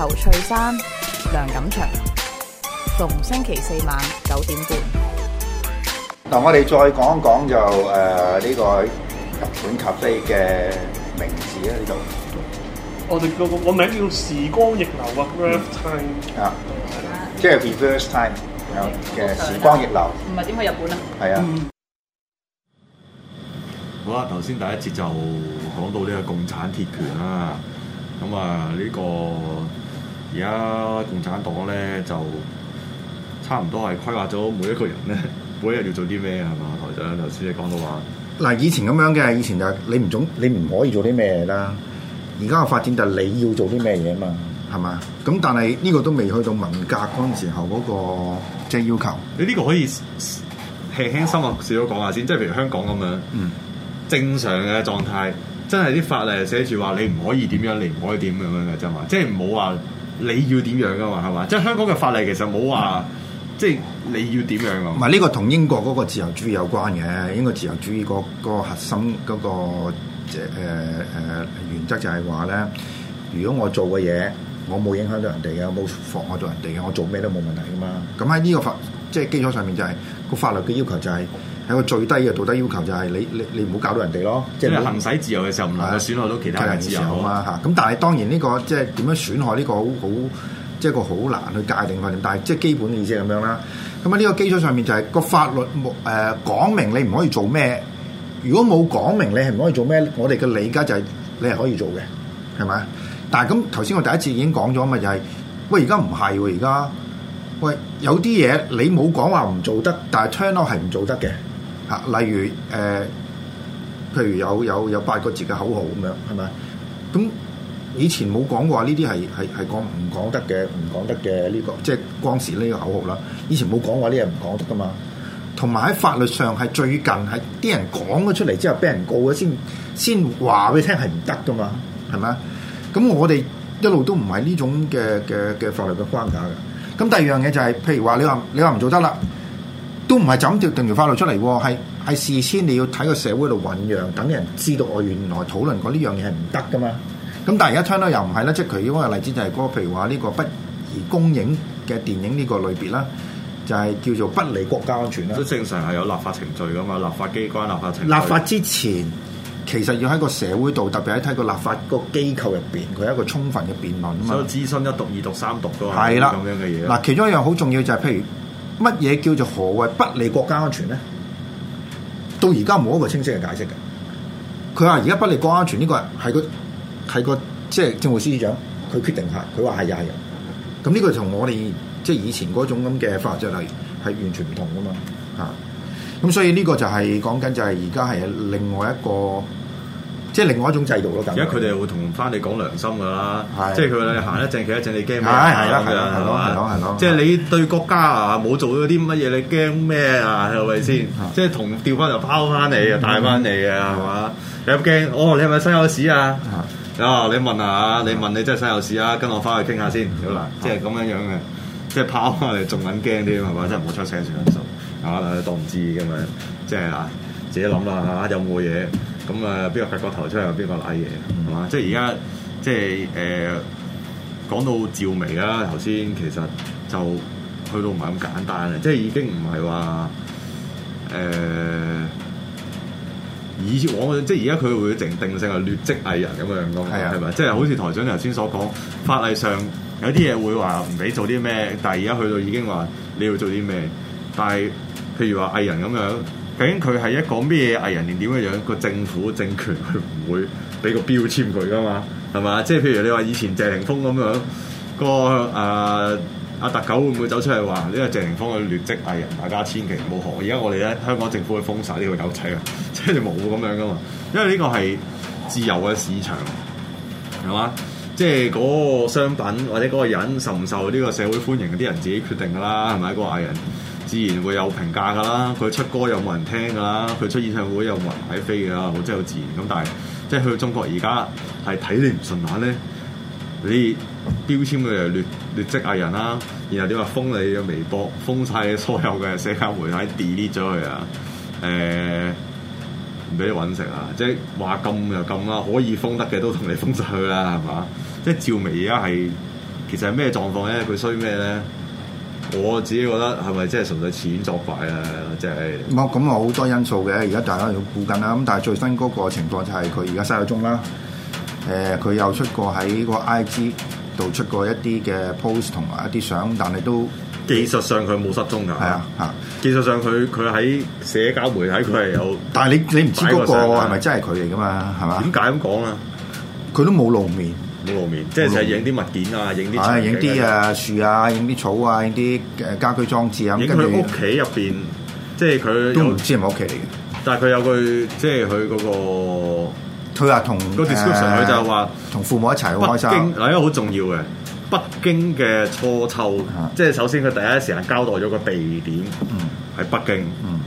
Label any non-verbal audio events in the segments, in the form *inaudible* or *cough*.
侯翠山、梁錦祥，逢星期四晚九點半。嗱，我哋再講一講就誒呢個日本咖啡嘅名字咧，呢度。我哋個個名叫時光逆流啊，Reverse Time 啊，即係 Reverse Time 嘅時光逆流。唔係點去日本啊？係啊。好啦，頭先第一節就講到呢個共產鐵拳啦。咁啊呢個。而家共產黨咧就差唔多係規劃咗每一個人咧，每一日要做啲咩係嘛？台長，頭先你講到話，嗱，以前咁樣嘅，以前就係你唔總，你唔可以做啲咩啦。而家嘅發展就係你要做啲咩嘢嘛，係嘛？咁但係呢個都未去到文革嗰陣時候嗰、嗰個即係、即係、要求。你呢、欸呢個可以輕輕鬆鬆少少講下先，即係譬如香港咁樣，嗯，正常嘅狀態，真係啲法例寫住話你唔可以點樣，你唔可以點咁樣嘅啫嘛，即係唔好話。你要點樣噶嘛，係嘛？即係香港嘅法例其實冇話，嗯、即係你要點樣啊？唔係呢個同英國嗰個自由主義有關嘅，英國自由主義、嗰個、嗰個核心嗰、嗰個即係誒誒原則就係話咧，如果我做嘅嘢，我冇影響到人哋嘅，冇妨礙到人哋嘅，我做咩都冇問題噶嘛。咁喺呢個法，即係基礎上面就係、係嗰個法律嘅要求就係、係。有個最低嘅道德要求就係，你你你唔好搞到人哋咯，即係你行使自由嘅時候唔能夠損害到其他人嘅自由啊嘛吓。咁但係當然呢、呢個即係點樣損害呢、呢個好好即係個好難去界定㗎點。但係即係基本嘅意思係咁樣啦。咁啊呢個基礎上面就係、係、個法律誒講、呃、明你唔可以做咩。如果冇講明你係唔可以做咩，我哋嘅理解就係你係可以做嘅，係咪？但係咁頭先我第一次已經講咗啊嘛，就係、係、喂而家唔係喎，而家喂有啲嘢你冇講話唔做得，但係聽落係唔做得嘅。例如誒、呃，譬如有有有八個字嘅口號咁樣，係咪？咁以前冇講過嘅話，呢啲係係係講唔講得嘅，唔講得嘅呢、呢個，即係光時呢個口號啦。以前冇講嘅話，呢嘢唔講得噶嘛。同埋喺法律上係最近係啲人講咗出嚟之後，俾人告咗先先話俾你聽係唔得噶嘛，係咪？咁我哋一路都唔係呢種嘅嘅嘅法律嘅框架嘅。咁第二樣嘢就係、是，譬如話你話你話唔做得啦。都唔係就咁掉定條法律出嚟喎，係係事先你要睇個社會度醖釀，等啲人知道我原來討論過呢樣嘢係唔得噶嘛。咁但係而家聽到又唔係啦，即係佢因為例子就係嗰、那個，譬如話呢個不宜公映嘅電影呢個類別啦，就係、是、叫做不利國家安全啦。都正常係有立法程序噶嘛，立法機關、立法程序，立法之前，其實要喺個社會度，特別係睇個立法個機構入邊，佢係一個充分嘅辯論啊嘛。所以諮詢一讀，讀、二讀、三讀都係咁樣嘅嘢。嗱，其中一樣好重要就係、是、譬如。乜嘢叫做何謂不利國家安全咧？到而家冇一個清晰嘅解釋嘅。佢話而家不利國家安全呢個係個係個即係、就是、政務司司長佢決定下，佢話係呀，係呀。咁呢個同我哋即係以前嗰種咁嘅法律制度係完全唔同噶嘛。嚇、啊！咁所以呢個就係講緊就係而家係另外一個。即係另外一種制度咯，而家佢哋會同翻你講良心噶啦，即係佢哋行一陣企一陣，你驚咩？係啦，係啦，係咯，即係你對國家啊冇做到啲乜嘢，你驚咩啊？係咪先？即係同掉翻頭拋翻你啊，帶翻你啊，係嘛？有冇驚？哦，你係咪身有屎啊？啊，你問下，你問你真係身有屎啊？跟我翻去傾下先，好啦，即係咁樣樣嘅，即係拋翻嚟仲緊驚添，係嘛？真係唔好出聲算數啦，心啊當唔知咁樣，即係啊自己諗下，有冇嘢？咁啊，邊個割個頭出嚟，邊個瀨嘢，係嘛？嗯、即係而家，即係誒，講到趙薇啦，頭先其實就去到唔係咁簡單啊！即係已經唔係話誒以往，即係而家佢會定性係劣跡藝人咁樣咯，係咪、啊？吧即係好似台長頭先所講，法例上有啲嘢會話唔俾做啲咩，但係而家去到已經話你要做啲咩，但係譬如話藝人咁樣。究竟佢係一個咩藝人定點樣樣？個政府政權佢唔會俾個標籤佢噶嘛？係嘛？即係譬如你話以前謝霆鋒咁樣，個誒阿、呃、特狗會唔會走出嚟話呢個謝霆鋒嘅劣跡藝人，大家千祈唔好學？而家我哋咧香港政府會封殺呢個狗仔嘅，即係冇咁樣噶嘛？因為呢個係自由嘅市場係嘛？即係嗰個商品或者嗰個人受唔受呢個社會歡迎，啲人自己決定㗎啦，係咪一個藝人？自然會有評價㗎啦，佢出歌又冇人聽㗎啦，佢出演唱會又冇人睇飛㗎啦，我真係好自然。咁但係即係去到中國而家係睇你唔順眼咧，你標籤嘅係劣劣跡藝人啦，然後點話封你嘅微博，封晒你所有嘅社交媒體 delete 咗佢啊，誒唔俾你揾食啊，即係話禁就禁啦，可以封得嘅都同你封晒佢啦，係嘛？即係趙薇而家係其實係咩狀況咧？佢衰咩咧？我自己覺得係咪真係純粹錢作怪啊？即係冇咁好多因素嘅，而家大家要估緊啦。咁但係最新嗰個情況就係佢而家失咗蹤啦。誒、呃，佢又出過喺個 IG 度出過一啲嘅 post 同埋一啲相，但係都技術上佢冇失蹤㗎。係啊，啊技術上佢佢喺社交媒體佢係有但，但係你你唔知嗰個係咪真係佢嚟㗎嘛？係嘛？點解咁講啊？佢都冇露面。冇露面，即係成日影啲物件啊，影啲。係影啲啊，樹啊，影啲草啊，影啲誒家居裝置啊。影佢屋企入邊，即係佢都唔知係咪屋企嚟嘅。但係佢有佢，即係佢嗰個。佢話同個 description，佢就話同父母一齊好開心。北京嗱，因為好重要嘅。北京嘅初秋，即係首先佢第一時間交代咗個地點，喺北京。嗯。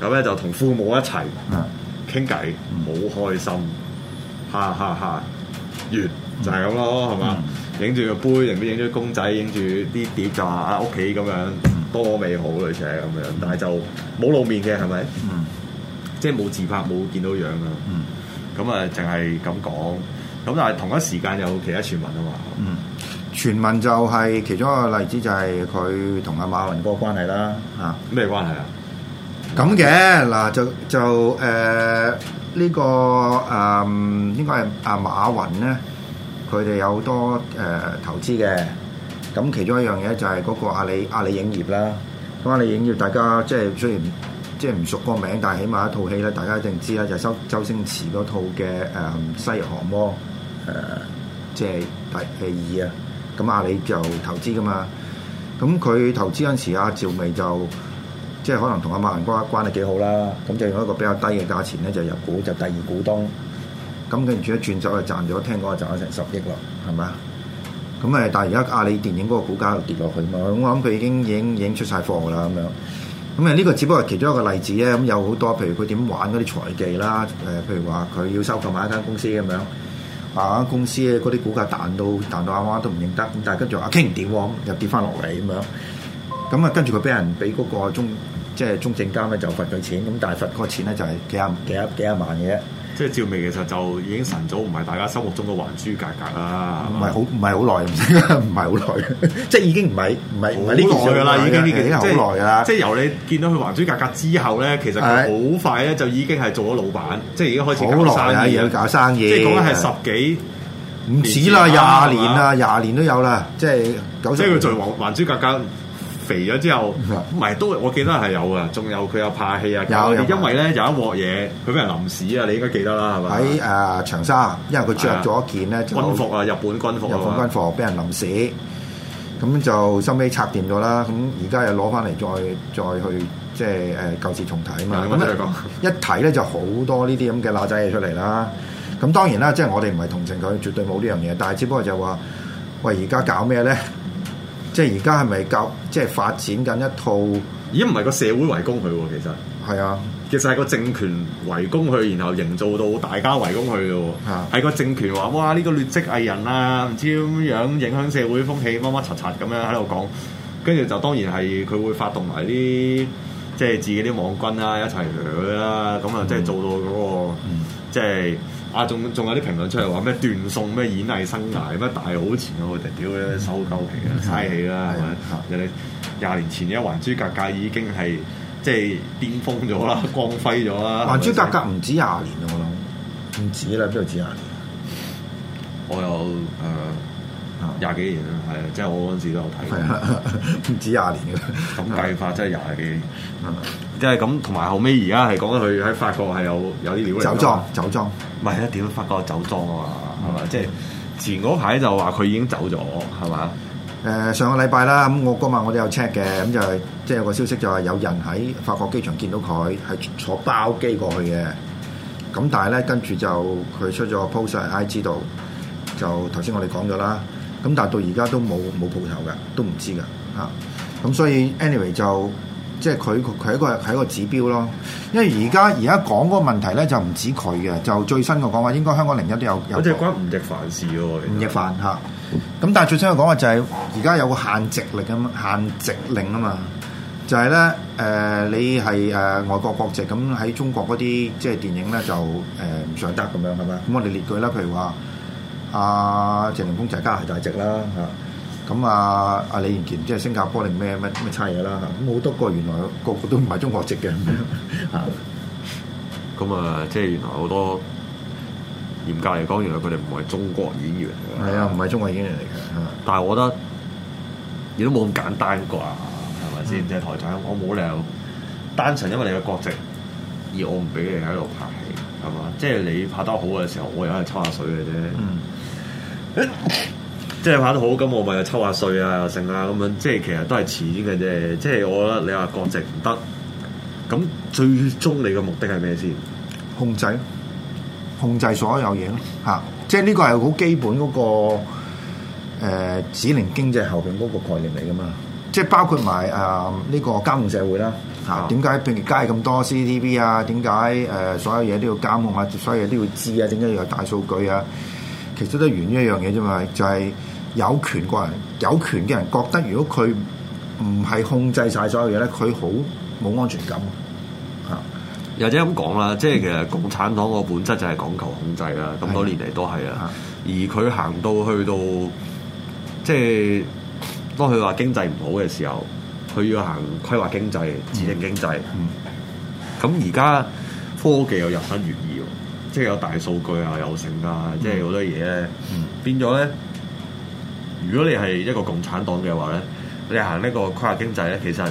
咁咧就同父母一齊傾偈，唔好開心，哈哈哈完。就係咁咯，係嘛？影住個杯，入邊影咗公仔，影住啲碟，就話啊屋企咁樣多，多美好類似係咁樣，但係就冇露面嘅，係咪、嗯？嗯，即係冇自拍，冇見到樣啊。嗯，咁啊，淨係咁講。咁但係同一時間有其他傳聞啊嘛。嗯，傳聞就係其中一個例子就、啊，就係佢同阿馬雲哥關係啦。嚇，咩關係啊？咁嘅嗱，就就誒呢個啊、呃，應該係阿馬雲咧。佢哋有好多誒、呃、投資嘅，咁其中一樣嘢就係嗰個阿里阿里影業啦。咁阿里影業大家即係雖然即係唔熟個名，但係起碼一套戲咧，大家一定知啦，就收、是、周星馳嗰套嘅誒、呃《西遊降魔》呃，誒即係第戲二啊。咁阿里就投資噶嘛。咁佢投資嗰陣時，阿趙薇就即係可能同阿馬雲關係幾好啦。咁就用一個比較低嘅價錢咧，就入股就第二股東。咁跟住一轉走，就賺咗，聽講係賺咗成十億咯，係咪咁誒，但係而家阿里電影嗰個股價又跌落去嘛？咁我諗佢已經已經已經出曬貨啦，咁樣。咁誒，呢、這個只不過係其中一個例子咧。咁有好多，譬如佢點玩嗰啲財技啦，誒、呃，譬如話佢要收購買一間公司咁樣，啊公司嗰啲股價彈到彈到阿媽都唔認得，咁但係跟住阿傾唔掂喎，又跌翻落嚟咁樣。咁啊，跟住佢俾人俾嗰個中即係中證監咧就罰咗錢，咁但係罰嗰個錢咧就係幾啊幾啊幾，幾萬嘅。即係趙薇其實就已經晨早唔係大家心目中嘅還珠格格啦，唔係好唔係好耐，唔係好耐，即係已經唔係唔係唔係呢個咗啦，已經呢件即好耐啦。即係由你見到佢還珠格格之後咧，其實佢好快咧就已經係做咗老闆，即係已經開始搞生意，搞生意。即係講緊係十幾，唔止啦，廿年啦，廿年都有啦，即係九。即係佢做還珠格格，肥咗之後，唔係的都我記得係有啊，仲有佢又怕氣啊！有因為咧有一鑊嘢佢俾人淋屎啊！你應該記得啦，係咪？喺誒、呃、長沙，因為佢着咗一件咧軍服啊，哎、呀後日本軍服日本軍服俾人淋屎，咁就收尾拆掂咗啦。咁而家又攞翻嚟再再去即係誒、呃、舊時重睇啊嘛！的一睇咧就好多呢啲咁嘅辣仔嘢出嚟啦。咁當然啦，即、就、係、是、我哋唔係同情佢，絕對冇呢樣嘢。但係只不過就話喂，而家搞咩咧？即係而家係咪搞即係發展緊一套？咦，唔係個社會圍攻佢喎，啊、其實係啊，其實係個政權圍攻佢，然後營造到大家圍攻佢咯喎。係、啊、個政權話：哇，呢、呢個劣跡藝人啊，唔知點樣影響社會風氣，乜乜雜雜咁樣喺度講。跟住就當然係佢會發動埋啲即係自己啲網軍啊，一齊去啦。咁啊，即係做到嗰個即係。啊，仲仲有啲評論出嚟話咩斷送咩演藝生涯，咩大好前，我哋屌你收鳩皮啦，嘥氣啦，係咪？即係廿年前嘅還珠格格已經係即係巔峰咗啦，光輝咗啦。還珠格格唔止廿年咯，我諗唔止啦，邊度止廿年？我有誒廿幾年啦，係啊，即係我嗰陣時都有睇嘅，唔止廿年嘅，咁計法真係廿幾年。即係咁，同埋後尾而家係講佢喺法國係有有啲料嘅酒莊，酒莊唔係啊？點法國酒莊啊？係嘛、嗯？即係前嗰排就話佢已經走咗，係嘛？誒、呃、上個禮拜啦，咁、嗯、我嗰晚我哋有 check 嘅，咁、嗯、就係即係有個消息就係有人喺法國機場見到佢，係坐包機過去嘅。咁、嗯、但係咧，跟住就佢出咗個 post 喺 IG 度，就頭先我哋講咗啦。咁、嗯、但係到而家都冇冇鋪頭㗎，都唔知㗎嚇。咁、啊嗯、所以 anyway 就。就即係佢佢一個係一個指標咯，因為而家而家講嗰個問題咧就唔止佢嘅，就最新個講話應該香港零一都有。嗰隻關吳亦凡事喎，吳亦凡嚇。咁但係最新個講話就係而家有個限值令咁，限值令啊嘛，就係咧誒，你係誒、呃、外國國籍咁喺中國嗰啲即係電影咧就誒唔上得咁樣噶嘛。咁我哋列舉啦，譬如話阿、呃、謝霆鋒就係加拿大籍啦嚇。咁啊，阿李現健即係新加坡定咩咩咩差嘢啦嚇，咁好多個原來個個，個都唔係中國籍嘅咁樣嚇，咁啊， *laughs* 啊即係原來好多嚴格嚟講，原來佢哋唔係中國演員嚟嘅。係啊，唔係中國演員嚟嘅。啊、但係我覺得亦都冇咁簡單啩，係咪先？嗯、即係台產，我冇理由單純因為你嘅國籍而我唔俾你喺度拍戲，係嘛？即係你拍得好嘅時候，我又喺度抽下水嘅啫。嗯 *laughs* 即係玩得好，咁我咪又抽下稅啊，又剩啊咁樣。即係其實都係錢嘅啫。即係我覺得你話國籍唔得，咁最終你嘅目的係咩先？控制，控制所有嘢咯。吓、啊，即係呢個係好基本嗰、那個誒、呃，指令經濟後邊嗰個概念嚟噶嘛。即係包括埋誒呢個監控社會啦。吓、啊，點解譬如街咁多 CCTV 啊？點解誒所有嘢都要監控啊？所有嘢都，都要知啊？點解要有大數據啊？其實都係源於一樣嘢啫嘛，就係、是、有權過人有權嘅人覺得，如果佢唔係控制晒所有嘢咧，佢好冇安全感啊。又者咁講啦，即係其實共產黨個本質就係講求控制啦，咁多年嚟都係啦。的而佢行到去到，即係當佢話經濟唔好嘅時候，佢要行規劃經濟、指令經濟。咁而家科技又入身，完。即係有大數據啊，有成啊，即係好多嘢咧，變咗咧。如果你係一個共產黨嘅話咧，你行呢個規劃經濟咧，其實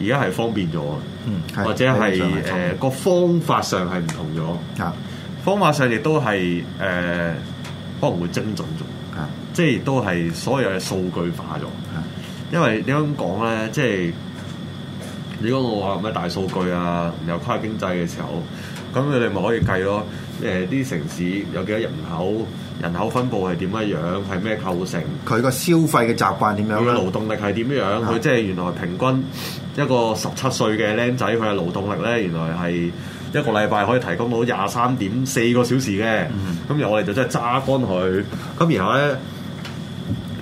而家係方便咗，嗯、或者係誒個方法上係唔同咗。方法上亦都係誒可能會精準咗，的即係亦都係所有嘅數據化咗。的因為點解咁講咧，即係如果我話咩大數據啊，冇規劃經濟嘅時候。咁你哋咪可以計咯，誒、呃、啲城市有幾多人口，人口分布係點樣樣，係咩構成？佢個消費嘅習慣點樣啦？佢嘅勞動力係點樣？佢即係原來平均一個十七歲嘅僆仔，佢嘅勞動力咧，原來係一個禮拜可以提供到廿三點四個小時嘅。咁、嗯、然後我哋就真係揸乾佢。咁然後咧。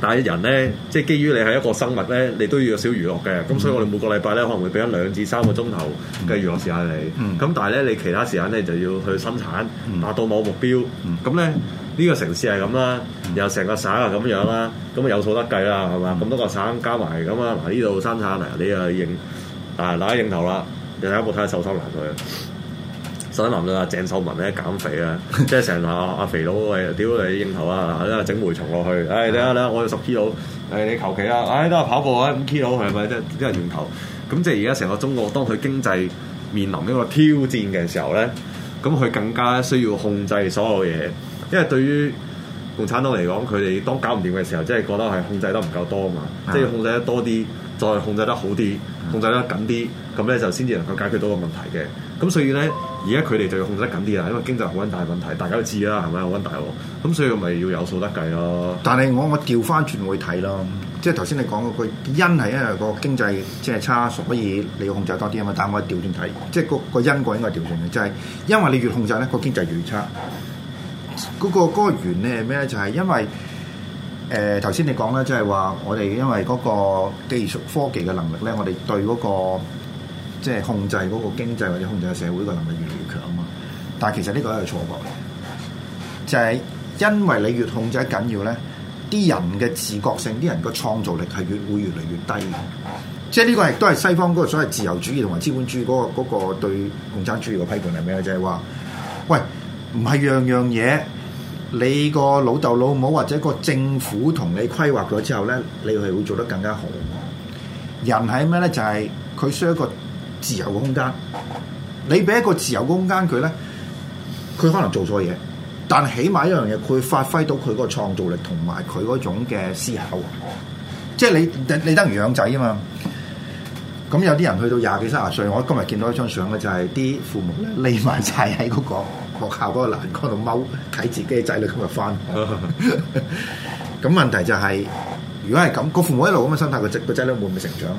但係人咧，即係基於你係一個生物咧，你都要有少娛樂嘅。咁、嗯、所以我哋每個禮拜咧，可能會俾一兩至三個鐘頭嘅娛樂時間你。咁、嗯、但係咧，你其他時間咧就要去生產，達、嗯、到某個目標。咁咧、嗯、呢、呢個城市係咁啦，然後成個省又咁樣啦，咁啊有數得計啦，係嘛？咁、嗯、多個省加埋咁啊，嗱呢度生產嗱你啊認，嗱大家認頭啦，你睇下部睇下受收難佢。新聞啊，鄭秀文呢減肥啊，即係成阿阿肥佬喂，屌你應頭啊，整蛔蟲落去，唉、哎，等下等下，我要十 k 佬，誒你求其啊，唉都係跑步啊，五 k 佬 l 係咪即係即係應頭？咁即係而家成個中國，當佢經濟面臨一個挑戰嘅時候咧，咁佢更加需要控制所有嘢，因為對於共產黨嚟講，佢哋當搞唔掂嘅時候，即係覺得係控制得唔夠多啊嘛，即係的控制得多啲，再控制得好啲，控制得緊啲，咁咧就先至能夠解決到個問題嘅。咁所以咧。而家佢哋就要控制得緊啲啦，因為經濟好撚大問題，大家都知啦，係咪好撚大喎？咁所以咪要有數得計咯。但係我我調翻轉去睇咯，即係頭先你講嗰個因係因為個經濟即係差，所以你要控制多啲啊嘛。但係我調轉睇，即係個個因果應該調轉嘅，就係因為你越控制咧，個經濟越差。嗰個嗰個源咧係咩咧？就係因為誒頭先你講啦，即係話我哋因為嗰個技術科技嘅能力咧，我哋對嗰個。即係控制嗰個經濟或者控制個社會個能力越嚟越強啊嘛，但係其實呢個係錯覺嚟，就係、是、因為你越控制得緊要咧，啲人嘅自覺性、啲人個創造力係越會越嚟越低嘅。即係呢個亦都係西方嗰個所謂自由主義同埋資本主義嗰、那個嗰、那個、對共產主義個批評係咩？就係、是、話，喂，唔係樣樣嘢，你個老豆老母或者個政府同你規劃咗之後咧，你係會做得更加好。人係咩咧？就係、是、佢需要一個。自由嘅空間，你俾一個自由嘅空間佢咧，佢可能做錯嘢，但起碼一樣嘢，佢發揮到佢嗰個創造力同埋佢嗰種嘅思考。即係你你你等於養仔啊嘛。咁有啲人去到廿幾三十歲，我今日見到一張相咧，就係啲父母咧匿埋晒喺嗰個學校嗰個欄杆度踎，睇自己嘅仔女今日翻。咁 *laughs* *laughs* 問題就係、是，如果係咁，個父母一路咁嘅心態，個仔個仔女會唔會成長？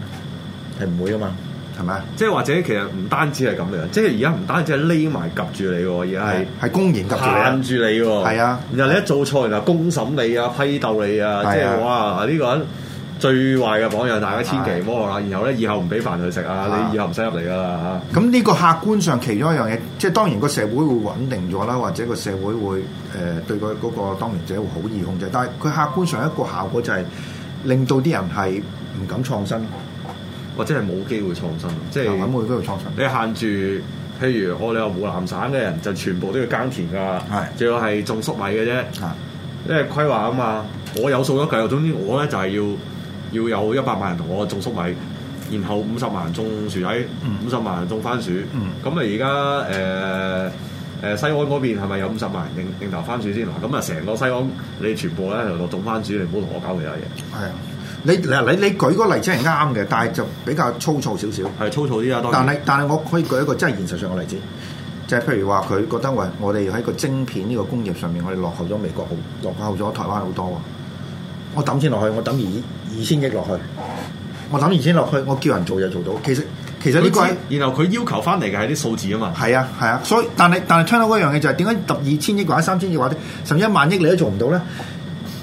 係唔會啊嘛。即係或者其實唔單止係咁樣，即係而家唔單止係匿埋夾住你喎，而家係係公然夾住你，限住你喎。啊，啊然後你一做錯，然後公審你，鬥你啊，批鬥你啊，即係哇！呢、這個人最壞嘅榜樣，大家千祈唔好啦。啊、然後咧，以後唔俾飯佢食啊，你以後唔使入嚟啦。咁呢個客觀上其中一樣嘢，即係當然個社會會穩定咗啦，或者個社會會誒、呃、對個嗰個當權者會好易控制，但係佢客觀上一個效果就係令到啲人係唔敢創新。或者係冇機會創新，即係冇機會創新。你限住，譬如我哋話湖南省嘅人就全部都要耕田㗎，仲是的 要係種粟米嘅啫。是的 因為規劃啊嘛，我有數咗計，總之我咧就係、是、要要有一百萬人同我種粟米，然後五十萬人種薯仔，五十、嗯、萬人種番薯。咁啊而家誒誒西安嗰邊係咪有五十萬人認認頭番薯先？咁啊成個西安你全部咧就種番薯，你唔好同我搞其他嘢。係。你嗱你你舉嗰個例子係啱嘅，但係就比較粗糙少少。係粗糙啲啊！但係但係我可以舉一個真係現實上嘅例子，就係、是、譬如話佢覺得喂，我哋喺個晶片呢個工業上面，我哋落後咗美國好，落後咗台灣好多喎。我抌錢落去，我抌二二千億落去，我抌二千億落去，我叫人做就做到。其實其實呢個，然後佢要求翻嚟嘅係啲數字啊嘛。係啊係啊，所以但係但係聽到嗰樣嘢就係點解抌二千億或者三千億或者, 3, 億或者甚至一萬億你都做唔到咧？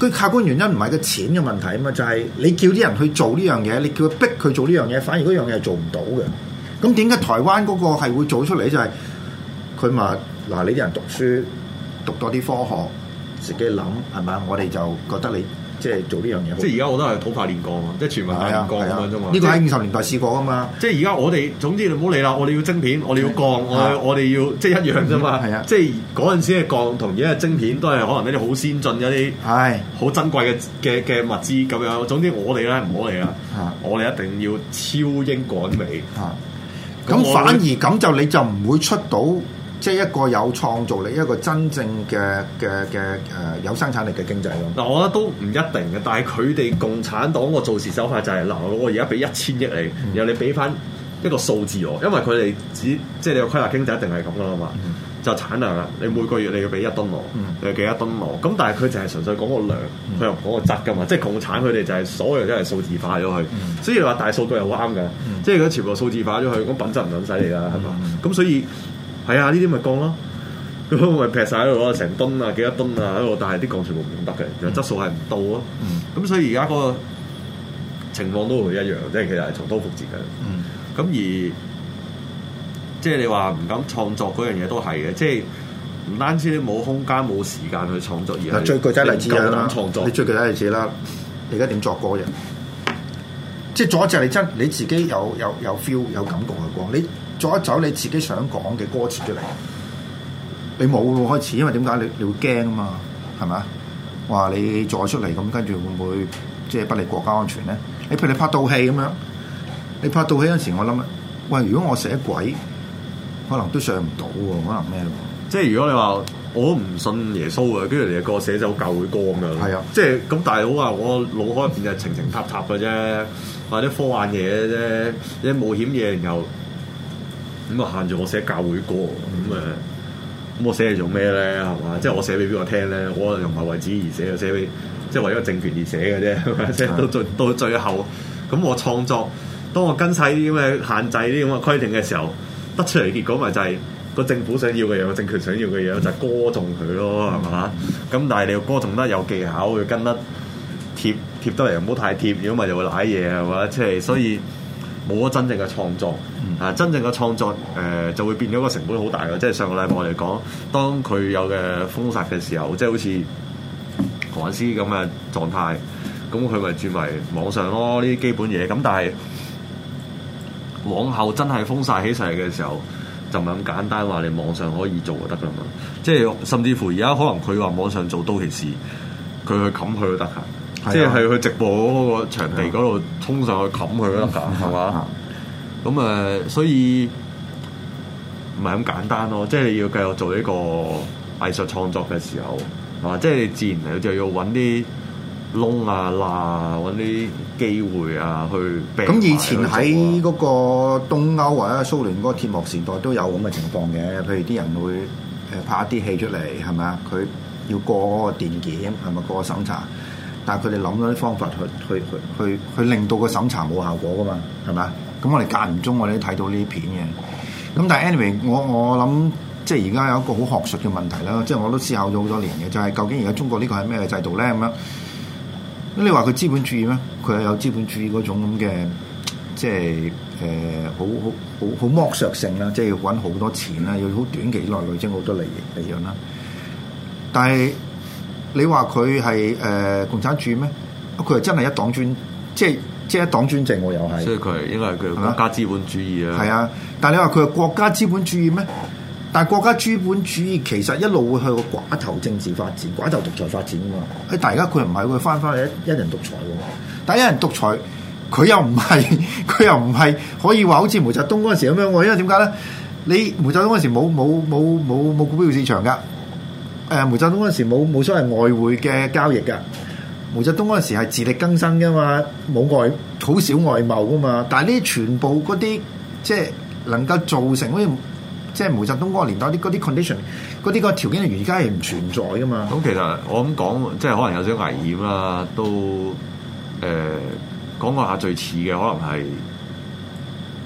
佢客觀原因唔係個錢嘅問題啊嘛，就係你叫啲人去做呢樣嘢，你叫佢逼佢做呢樣嘢，反而嗰樣嘢係做唔到嘅。咁點解台灣嗰個係會做出嚟？就係佢咪嗱，你啲人讀書讀多啲科學，自己諗係咪？我哋就覺得你。即係做呢樣嘢，即係而家我都係土法煉鋼啊！即係全民煉鋼咁樣啫嘛。呢、呢個喺五十年代試過啊嘛。即係而家我哋總之你唔好理啦，我哋要晶片，我哋要鋼，啊、我我哋要、啊、即係一樣啫嘛。啊啊、即係嗰陣時嘅鋼同而家嘅晶片都係可能一啲好先進一啲，係好珍貴嘅嘅嘅物資咁樣。啊、總之我哋咧唔好理啦，啊、我哋一定要超英趕美。嚇，咁反而咁就你就唔會出到。即係一個有創造力、一個真正嘅嘅嘅誒有生產力嘅經濟咯。嗱 *noise* 我覺得都唔一定嘅，但係佢哋共產黨個做事手法就係、是，嗱，我而家俾一千億你，然後你俾翻一個數字我，因為佢哋只即係你個規劃經濟一定係咁噶啦嘛， *noise* 就產量，你每個月你要俾一噸我，你幾 *noise* 多噸我？咁但係佢就係純粹講個量，佢又唔講個質噶嘛，即係共產佢哋就係所有嘢都係數字化咗去，所以話大數據又啱嘅，即係佢全部數字化咗去，咁品質唔準使你啦，係嘛？咁所以。係啊，呢啲咪鋼，咯，咁咪劈晒喺度咯，成噸啊，幾多噸啊喺度，但係啲鋼全部唔得嘅，又質素係唔到咯。咁、嗯、所以而家個情況都一樣，即係其實係重蹈覆轍嘅。咁、嗯、而即係你話唔敢創作嗰樣嘢都係嘅，即係唔單止你冇空間冇時間去創作而係你敢敢創作，最具體例子啦，就係，你最具體例子啦，就係，你而家點作歌啫？即係阻止你真，你自己有有有 feel 有感覺去講，你。作一走你自己想講嘅歌詞出嚟，你冇開始，因為點解你你會驚啊嘛？係咪啊？話你再出嚟咁，跟住會唔會即係不利國家安全咧？你譬如你拍倒戲咁樣，你拍倒戲嗰陣時，我諗啊，喂，如果我寫鬼，可能都上唔到喎，可能咩？即係如果你話我唔信耶穌嘅，跟住你個寫手教會歌咁樣。係啊即，即係咁，大佬我我腦海入邊就係情情塔塔嘅啫，或者科幻嘢啫，啲冒險嘢，然後。咁啊，限住我寫教會歌，咁誒，咁我寫嚟做咩咧？係嘛，即係我寫俾邊個聽咧？我又唔係為自己而寫我寫，又寫俾即係為咗個政權而，寫而寫嘅啫。即係到最到最後，咁我創作，當我跟晒啲咁嘅限制、啲咁嘅規定嘅時候，得出嚟結果咪就係、是、個政府想要嘅嘢，個政權想要嘅嘢就係、歌頌佢咯，係嘛？咁但係你要歌頌得有技巧，佢跟得貼貼得貼貼得嚟，又唔好太貼，如果咪就會瀨嘢係嘛？即係所以。冇咗真正嘅創作，啊，真正嘅創作，誒、呃、就會變咗個成本好大嘅，即係上個禮拜我哋講，當佢有嘅封殺嘅時候，即係好似韓文思咁嘅狀態，咁佢咪轉為網上咯？呢啲基本嘢，咁但係往後真係封殺起上嚟嘅時候，就唔係咁簡單話你網上可以做就得㗎嘛？即係甚至乎而家可能佢話網上做到其時，佢去冚佢都得㗎。啊、即係去直播嗰個場地嗰度衝上去冚佢嗰個架，係嘛？咁誒，所以唔係咁簡單咯。即係你要繼續做呢個藝術創作嘅時候，係嘛？即係自然嚟，就要揾啲窿啊罅，揾啲、嗯啊、機會啊去。咁以前喺嗰個東歐或者蘇聯嗰個鐵幕時代都有咁嘅情況嘅，譬如啲人會誒拍一啲戲出嚟，係咪啊？佢要過嗰個電檢，係咪過個審查？但佢哋諗咗啲方法去去去去去令到個審查冇效果噶嘛，係咪？咁 *music* 我哋間唔中我哋都睇到呢啲片嘅。咁但係，anyway，我我諗即係而家有一個好學術嘅問題啦，即係我都思考咗好多年嘅，就係、是、究竟而家中國呢個係咩制度咧？咁、嗯、樣你話佢資本主義咩？佢係有資本主義嗰種咁嘅，即係誒、呃、好好好好剝削性啦，即係要揾好多錢啦，要好短期內累積好多利利潤啦。但係你話佢係誒共產主義咩？佢又真係一黨專，即係即係一黨專政，啊，又係。所以佢應該係佢國家資本主義啊。係吧啊，但係你話佢係國家資本主義咩？但係國家資本主義其實一路會去個寡頭政治發展，寡頭獨裁發展啊嘛。誒，而家佢唔係會翻翻去一一人獨裁喎。但係一人獨裁，佢又唔係，佢又唔係可以話好似毛澤東嗰陣時咁樣。我因為點解咧？你毛澤東嗰陣時冇冇冇冇冇股票市場噶。誒，毛澤東嗰陣時冇冇所謂外匯嘅交易噶。毛澤東嗰陣時係自力更生噶嘛，冇外好少外貿噶嘛。但係呢啲全部嗰啲即係能夠造成嗰啲，即係毛澤東嗰個年代啲嗰啲 condition，嗰啲個條件而家係唔存在噶嘛。咁其實我咁講，即係可能有少危險啦。都誒、呃、講講下最似嘅，可能係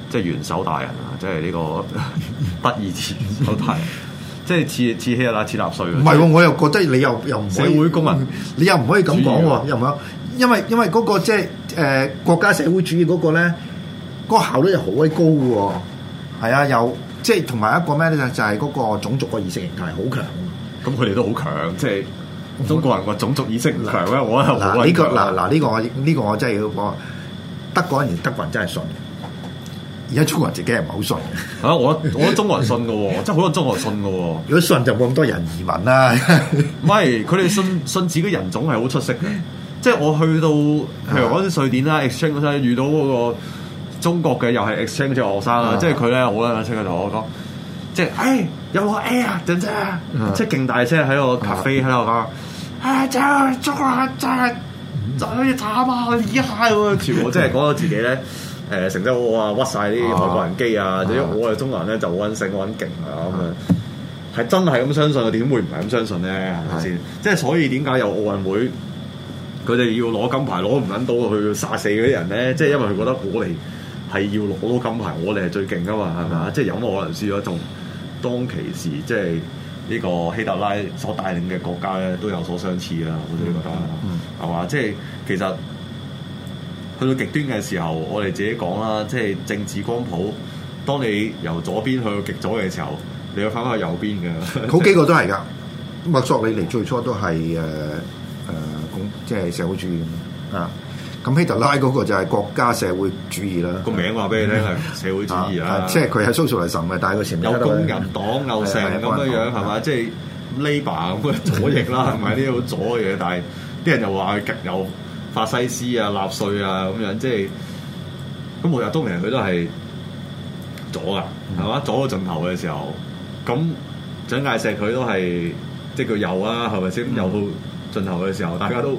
即係元首大人啊，即係呢個得意之首大人。 *laughs* *laughs* 即係似似欺人啦，似納粹。唔係喎，我又覺得你又又唔可以。社會公民，你又唔可以咁講喎，又唔好。因為因為嗰個即係誒國家社會主義嗰個咧，嗰、嗰個效率又好鬼高嘅喎。係啊，又即係同埋一個咩咧？就係嗰個種族嘅意識形態好強。咁佢哋都好強，即係中國人個種族意識唔強咩？我係好鬼強。嗱嗱，呢、呢個我呢、呢個呢個我真係要講，德國人德國人真係信的。而家中國人自己係唔係好信？啊！我我覺得中國人信嘅，即係好多中國人信嘅。 *laughs* 如果信就冇咁多人移民啦。唔 *laughs* 係，佢哋信信自己人種係好出色嘅。即係我去到，譬如啲瑞典啦，exchange 遇到嗰個中國嘅又係 exchange 嘅學生啦， *laughs* 即係佢咧好有興趣同我講，即係誒有冇 A 啊，正唔正即係勁大聲喺個咖啡，喺度講， *laughs* *laughs* *laughs* 啊！正中國啊！正正要攤啊！以下喎，全部即係講到自己咧。 *laughs* 誒，成績好好啊，屈晒啲外國人機啊，因為我哋中國人咧就好撚醒、撚勁啊，咁樣，係真係咁相信嘅，點會唔係咁相信咧？係咪先？即係所以點解有奧運會佢哋要攞金牌攞唔撚到去殺死嗰啲人咧？即係因為佢覺得我哋係要攞到金牌，我哋係最勁㗎嘛，係咪啊？即係有冇可能輸咗？仲當其時，即係呢個希特拉所帶領嘅國家咧都有所相似啦，我都覺得係嘛？即係其實。去到極端嘅時候，我哋自己講啦，即係政治光譜。當你由左邊去到極左嘅時候，你要翻返去右邊嘅。好幾個都係噶，墨索里尼最初都係誒誒共，即係社會主義啊。咁希特拉嗰個就係國家社會主義啦。個名我話俾你聽係社會主義啦、啊啊。即係佢係蘇蘇嚟甚嘅，但係佢前面有工人黨、右成咁樣樣係嘛？即係 Labour 啊咁左翼啦，係咪啲好左嘅嘢？但係啲人又話佢極右。法西斯啊，納粹啊，咁樣即係咁，每日東嚟佢都係左啊，係嘛、嗯？左到盡頭嘅時候，咁蔣、嗯、介石佢都係即係佢右啊，係咪先？右到盡頭嘅時候，大家都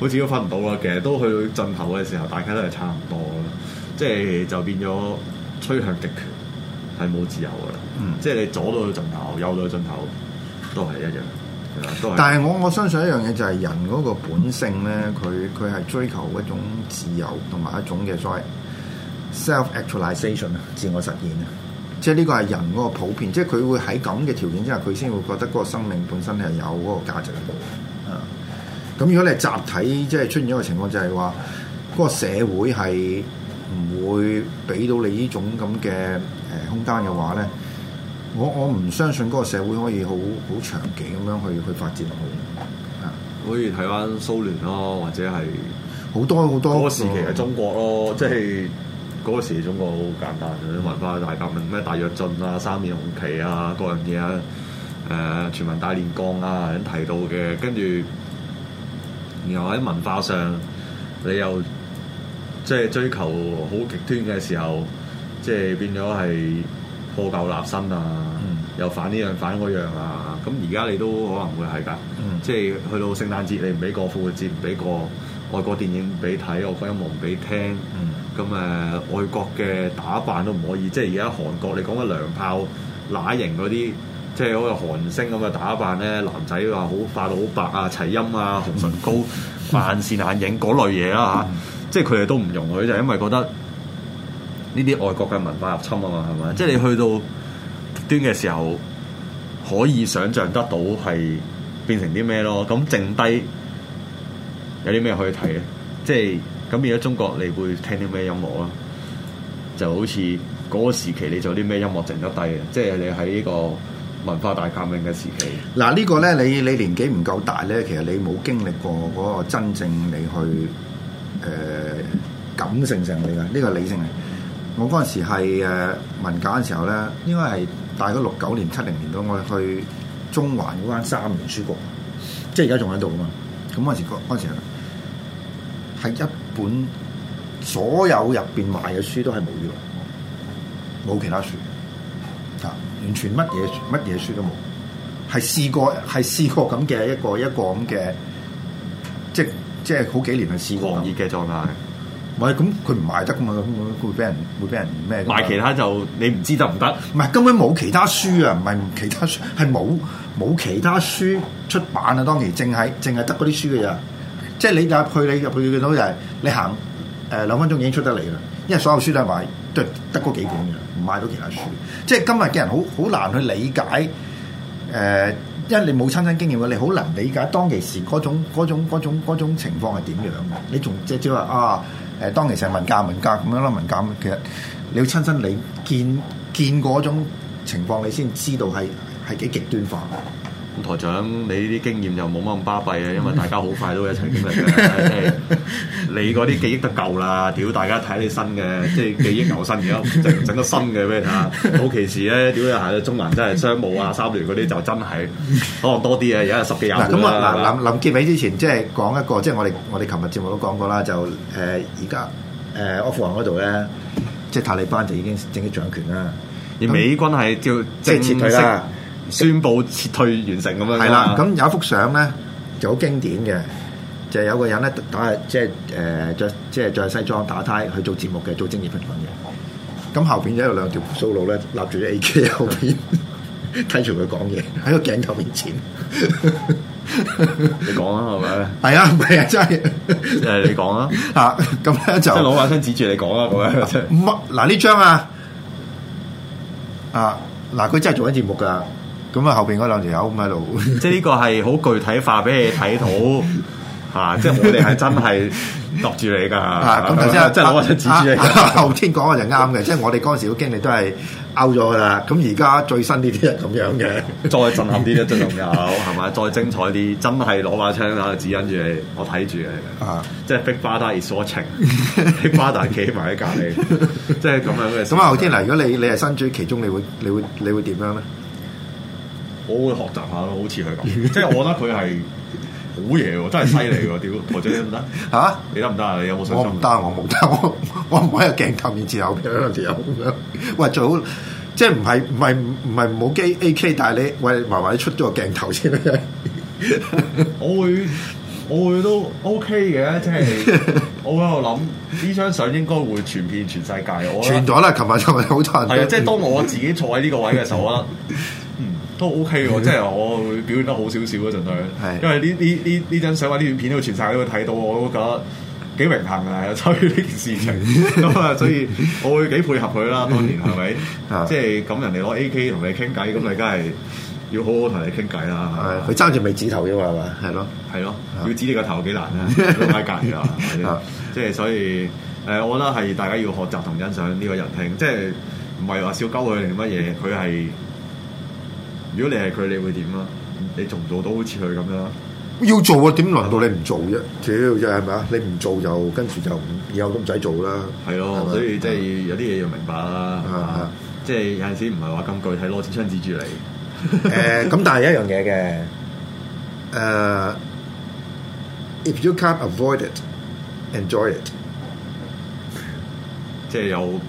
好似都分唔到啦。其實都去到盡頭嘅時候，大家都係差唔多啦。即係就變咗趨向極權係冇自由噶啦。嗯、即係你左到盡頭，右到盡頭都係一樣。但係我我相信一樣嘢就係人嗰個本性咧，佢佢係追求一種自由同埋一種嘅所謂 self actualization 啊，自我實現啊，即係呢個係人嗰個普遍，即係佢會喺咁嘅條件之下，佢先會覺得嗰個生命本身係有嗰個價值喺度。啊、嗯，咁如果你係集體，即係出現一個情況就係話，嗰個社會係唔會俾到你呢種咁嘅誒空間嘅話咧。我我唔相信嗰個社會可以好好長期咁樣去去發展落去。啊，好似睇翻蘇聯咯，或者係好多好多時期係中國咯，國即係嗰個時期中國好簡單嘅、嗯、文化大革命，咩大躍進啊、三面紅旗啊、各樣嘢啊，誒、呃、全民大煉鋼啊，你提到嘅，跟住然後喺文化上你又即係追求好極端嘅時候，即係變咗係，破舊立新啊，嗯、又反呢樣反嗰樣啊，咁而家你都可能會係㗎，嗯、即係去到聖誕節你唔俾過，復活節，唔俾過外國電影唔俾睇，外國音樂唔俾聽，咁誒、嗯呃、外國嘅打扮都唔可以，即係而家韓國你講緊娘炮乸型嗰啲，即係好似韓星咁嘅打扮咧，男仔話好化到好白啊，齊音啊，紅唇膏、萬線眼影嗰類嘢啦吓？即係佢哋都唔容許，就係、因為覺得。呢啲外國嘅文化入侵啊嘛，係咪？即係你去到端嘅時候，可以想像得到係變成啲咩咯？咁剩低有啲咩可以睇咧？即係咁變咗中國，你會聽啲咩音樂咯？就好似嗰個時期，你做啲咩音樂剩得低嘅？即係你喺呢個文化大革命嘅時期。嗱，這個、呢個咧，你你年紀唔夠大咧，其實你冇經歷過嗰個真正你去誒、呃、感性上嚟嘅，呢個理性嘅。我嗰陣時係誒文革嘅時候咧，應該係大概六九年、七零年到，我哋去中環嗰間三聯書局，即係而家仲喺度啊嘛。咁嗰陣時嗰嗰陣時係一本所有入邊賣嘅書都係無語，冇其他書啊，完全乜嘢乜嘢書都冇，係試過係試過咁嘅一個一個咁嘅，即係即係好幾年嘅試過。狂熱嘅狀態。唔係咁，佢唔、嗯、賣得噶嘛，會俾人會俾人咩？賣其他就你唔知得唔得？唔係根本冇其他書啊，唔係其他書係冇冇其他書出版啊。當其時淨係淨係得嗰啲書嘅咋，即係你入去你入去見到就係、是、你行誒、呃、兩分鐘已經出得嚟啦，因為所有書都係賣都係得嗰幾本嘅，唔賣到其他書。即係今日嘅人好好難去理解誒、呃，因為你冇親身經驗嘅，你好難理解當其時嗰種嗰種,種,種,種情況係點樣嘅。你仲即係話啊？誒，當其時文革，文革咁樣啦，文革其實你要親身你見見嗰種情況，你先知道係係幾極端化。台長，你呢啲經驗又冇乜咁巴閉嘅，因為大家好快都一齊經歷嘅、 *laughs* 哎。你嗰啲記憶得夠啦，屌大家睇你新嘅，即係記憶猶新嘅，整個 *laughs* 新嘅咩吓？好歧視咧，屌又係，中環真係商務啊，三聯嗰啲就真係可能多啲嘅，而家十幾人。咁啊麼，嗱吧林林建之前即係講一個，即、就、係、是、我哋我哋琴日節目都講過啦，就誒而家誒阿富汗嗰度咧，即係塔利班就已經正式掌權啦，而美軍係叫即係撤退啦。宣布撤退完成咁樣！係啦，咁有一幅相咧就好經典嘅， *laughs* 就係有個人咧打即係誒着即係着西裝打呔去做節目嘅，做職業評論嘅。咁後邊咧有兩條鬍鬚佬咧立住啲 A K 後邊睇住佢講嘢，喺個鏡頭面前。 *laughs* 話你講啊，係咪？係啊，係 estruct 啊 ural、yeah,，真係誒， *laughs* 持人 *laughs* 就你講啊吓，咁咧就即係攞把槍指住你講啦，咁啊，嗱呢張啊啊嗱，佢真係做緊節目噶。咁啊，後邊嗰兩條友咁喺度，即係呢個係好具體化俾你睇到嚇，即係我哋係真係度住你噶。咁啊，即係我係指住你。後天講嘅就啱嘅，即係我哋嗰陣時嘅經歷都係 out 咗噶啦。咁而家最新呢啲係咁樣嘅，再震撼啲啦，仲有係咪？再精彩啲，真係攞把槍喺度指引住你，我睇住你。啊，即係 Big Brother is watching，Big Brother 企埋喺隔離，即係咁樣嘅。咁啊，後天嗱，如果你你係身處其中，你會你會你會點樣咧？我會學習下咯，好似佢咁，即係 *laughs* 我覺得佢係好嘢喎，真係犀利喎，屌台姐得唔得？嚇、啊、你得唔得啊？你有冇信心？唔得，我冇得，我我唔喺個鏡頭面前後屌咁樣。喂，最好即係唔係唔係唔係冇機 AK，但係你喂麻麻啲出咗個鏡頭先得我，我會我會都 OK 嘅，即、就、係、是、我喺度諗呢張相應該會傳遍全世界。我傳咗啦，琴日就係好多人。即係、嗯、 *laughs* 當我自己坐喺呢個位嘅時候，我覺得。都 OK 喎，是的 即係我會表演得好少少咯，儘量。因為呢呢呢呢張相或者呢段片都全世界都會睇到，我都覺得幾榮幸啊！參與呢件事情，咁啊，所以我會幾配合佢啦。 *laughs* 當然係咪？即係咁人哋攞 AK 同你傾偈，咁你梗係要好好同你傾偈啦。佢揸住咪指頭啫嘛，係嘛？係咯，係咯，要指你個頭幾難啊！拉架㗎，即係所以，誒 *laughs* 是的，我覺得係大家要學習同欣賞呢個人聽，即係唔係話笑鳩佢定乜嘢？佢係。 *laughs* *laughs* 如果你係佢，你會點啊？你做唔做到好似佢咁樣？要做啊，點輪到你唔做啫？屌，又係咪啊？吧你唔做就跟住就以後都唔使做啦。係咯，所以即係有啲嘢要明白啦。即係有陣時唔係話咁具體攞支槍指住你。誒，咁但係一樣嘢嘅。誒、uh,，if you can't avoid it, enjoy it。即係有。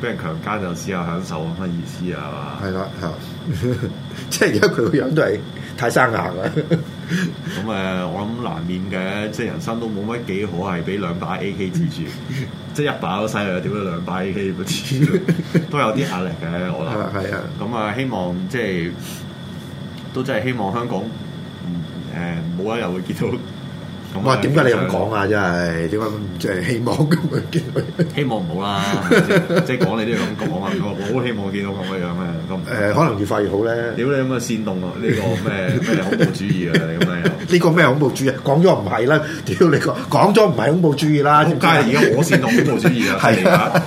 俾人強姦就試下享受啊！乜意思啊？係嘛？係啦，係。即係而家佢個樣都係太生硬啦。咁 *laughs* 啊、呃，我諗難免嘅，即係人生都冇乜幾可，係俾兩把 A K 支住， *laughs* 即係一把都犀利啊，點解兩把 A K 唔支住， *laughs* 都有啲壓力嘅，我諗係啊。咁啊、嗯，希望即係都真係希望香港唔冇、嗯呃、一日會見到。我話點解你咁講啊？真係點解即係希望咁樣見？希望唔好啦，即係講你都要咁講啊！我好希望見到咁嘅樣啊！咁誒，可能越快越好咧。屌你咁嘅煽動啊！呢個咩咩恐怖主義啊？你咁樣又呢個咩恐怖主義？講咗唔係啦。屌你講講咗唔係恐怖主義啦！點解而家我煽動恐怖主義啊！係啊！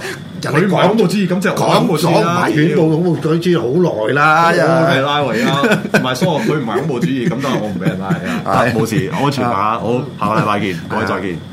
佢唔係恐怖主義，咁即係講冇講埋，佢冇恐怖主義好耐啦。係拉維啦，唔係疏佢唔係恐怖主義，咁都係我唔俾人拉啊。冇事，我傳下，我下個禮拜見，各位再見。